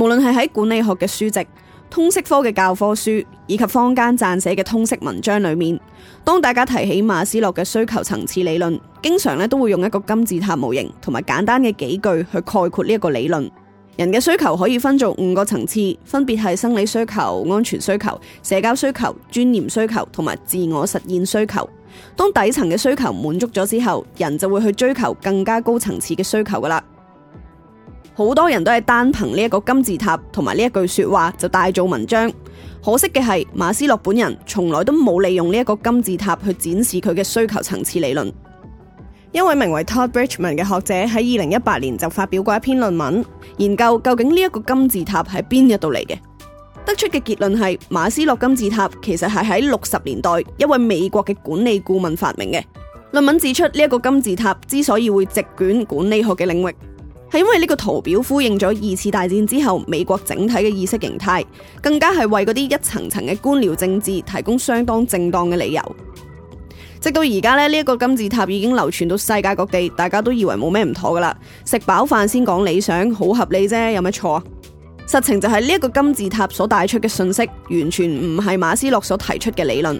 無論係喺管理學嘅書籍、通識科嘅教科書，以及坊間撰寫嘅通識文章裏面，當大家提起馬斯洛嘅需求層次理論，經常咧都會用一個金字塔模型，同埋簡單嘅幾句去概括呢一個理論。人嘅需求可以分做五個層次，分別係生理需求、安全需求、社交需求、尊嚴需求同埋自我實現需求。當底層嘅需求滿足咗之後，人就會去追求更加高層次嘅需求噶啦。好多人都係單憑呢一個金字塔同埋呢一句說話就大做文章，可惜嘅係馬斯洛本人從來都冇利用呢一個金字塔去展示佢嘅需求層次理論。一位名為 Todd Bridgman 嘅學者喺二零一八年就發表過一篇論文，研究究竟呢一個金字塔係邊一度嚟嘅？得出嘅結論係馬斯洛金字塔其實係喺六十年代一位美國嘅管理顧問發明嘅。論文指出呢一個金字塔之所以會席捲管理學嘅領域，係因為呢個圖表呼應咗二次大戰之後美國整體嘅意識形態，更加係為嗰啲一層層嘅官僚政治提供相當正當嘅理由。直到而家咧，呢一個金字塔已經流傳到世界各地，大家都以為冇咩唔妥噶啦。食飽飯先講理想，好合理啫，有咩錯？實情就係呢一個金字塔所帶出嘅信息，完全唔係馬斯洛所提出嘅理論。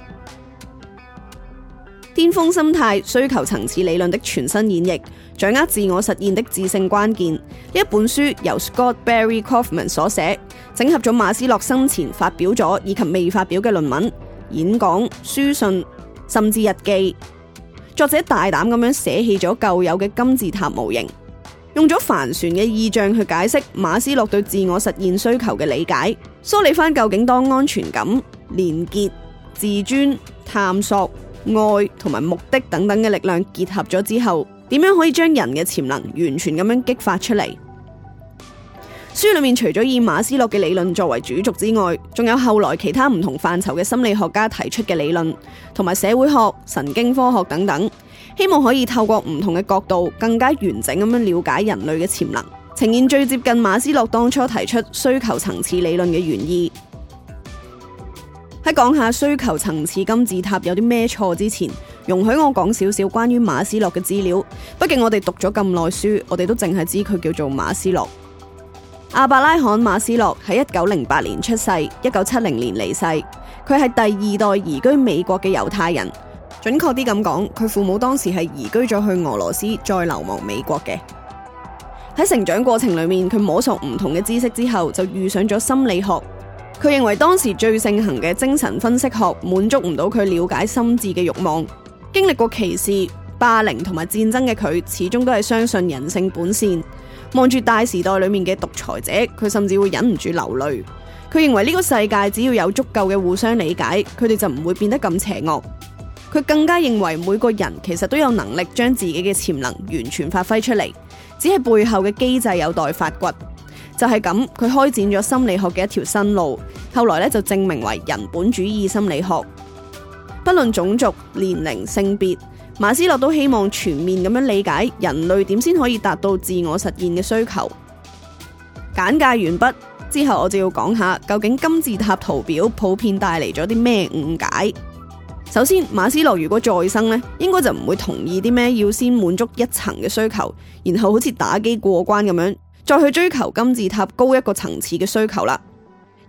巔峰心態、需求層次理論的全新演繹，掌握自我實現的致勝關鍵。呢一本書由 Scott Barry Kaufman 所寫，整合咗馬斯洛生前發表咗以及未發表嘅論文、演講、書信，甚至日記。作者大膽咁樣捨棄咗舊有嘅金字塔模型，用咗帆船嘅意象去解釋馬斯洛對自我實現需求嘅理解，梳理翻究竟當安全感、連結、自尊、探索，愛同埋目的等等嘅力量結合咗之後，點樣可以將人嘅潛能完全咁樣激發出嚟？書裏面除咗以馬斯洛嘅理論作為主軸之外，仲有後來其他唔同範疇嘅心理學家提出嘅理論，同埋社會學、神經科學等等，希望可以透過唔同嘅角度，更加完整咁樣了解人類嘅潛能，呈現最接近馬斯洛當初提出需求層次理論嘅原意。講下需求層次金字塔有啲咩錯之前，容許我講少少關於馬斯洛嘅資料。畢竟我哋讀咗咁耐書，我哋都淨係知佢叫做馬斯洛。阿伯拉罕馬斯洛喺一九零八年出世，一九七零年離世。佢係第二代移居美國嘅猶太人。準確啲咁講，佢父母當時係移居咗去俄羅斯，再流亡美國嘅。喺成長過程裏面，佢摸索唔同嘅知識之後，就遇上咗心理學。佢認為當時最盛行嘅精神分析學滿足唔到佢了解心智嘅欲望。經歷過歧視、霸凌同埋戰爭嘅佢，始終都係相信人性本善。望住大時代裏面嘅獨裁者，佢甚至會忍唔住流淚。佢認為呢個世界只要有足夠嘅互相理解，佢哋就唔會變得咁邪惡。佢更加認為每個人其實都有能力將自己嘅潛能完全發揮出嚟，只係背後嘅機制有待發掘。就係咁，佢開展咗心理學嘅一條新路，後來咧就證明為人本主義心理學。不論種族、年齡、性別，馬斯洛都希望全面咁樣理解人類點先可以達到自我實現嘅需求。簡介完畢之後，我就要講下究竟金字塔圖表普遍帶嚟咗啲咩誤解。首先，馬斯洛如果再生呢，應該就唔會同意啲咩要先滿足一層嘅需求，然後好似打機過關咁樣。再去追求金字塔高一個層次嘅需求啦，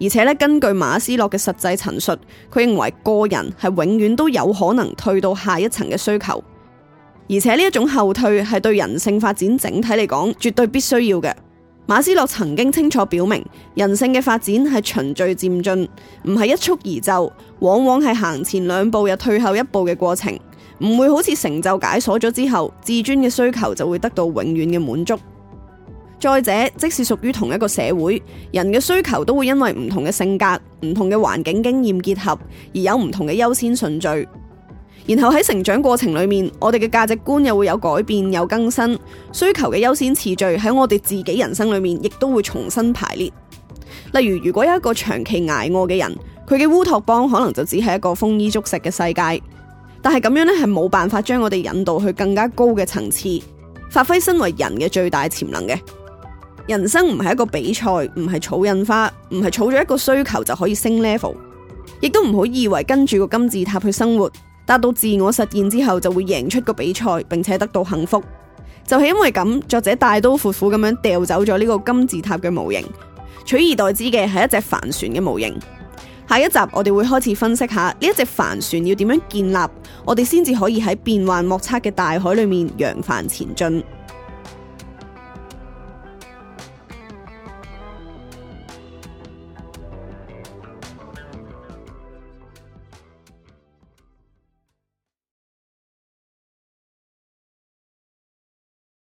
而且咧根據馬斯洛嘅實際陳述，佢認為個人係永遠都有可能退到下一層嘅需求，而且呢一種後退係對人性發展整體嚟講絕對必須要嘅。馬斯洛曾經清楚表明，人性嘅發展係循序漸進，唔係一蹴而就，往往係行前兩步又退後一步嘅過程，唔會好似成就解鎖咗之後，自尊嘅需求就會得到永遠嘅滿足。再者，即使屬於同一個社會，人嘅需求都會因為唔同嘅性格、唔同嘅環境、經驗結合而有唔同嘅優先順序。然後喺成長過程裏面，我哋嘅價值觀又會有改變，有更新，需求嘅優先次序喺我哋自己人生裏面亦都會重新排列。例如，如果有一個長期挨餓嘅人，佢嘅烏托邦可能就只係一個豐衣足食嘅世界，但係咁樣呢，係冇辦法將我哋引導去更加高嘅層次，發揮身為人嘅最大潛能嘅。人生唔係一個比賽，唔係儲印花，唔係儲咗一個需求就可以升 level，亦都唔好以為跟住個金字塔去生活，達到自我實現之後就會贏出個比賽，並且得到幸福。就係因為咁，作者大刀闊斧咁樣掉走咗呢個金字塔嘅模型，取而代之嘅係一隻帆船嘅模型。下一集我哋會開始分析下呢一隻帆船要點樣建立，我哋先至可以喺變幻莫測嘅大海裏面揚帆前進。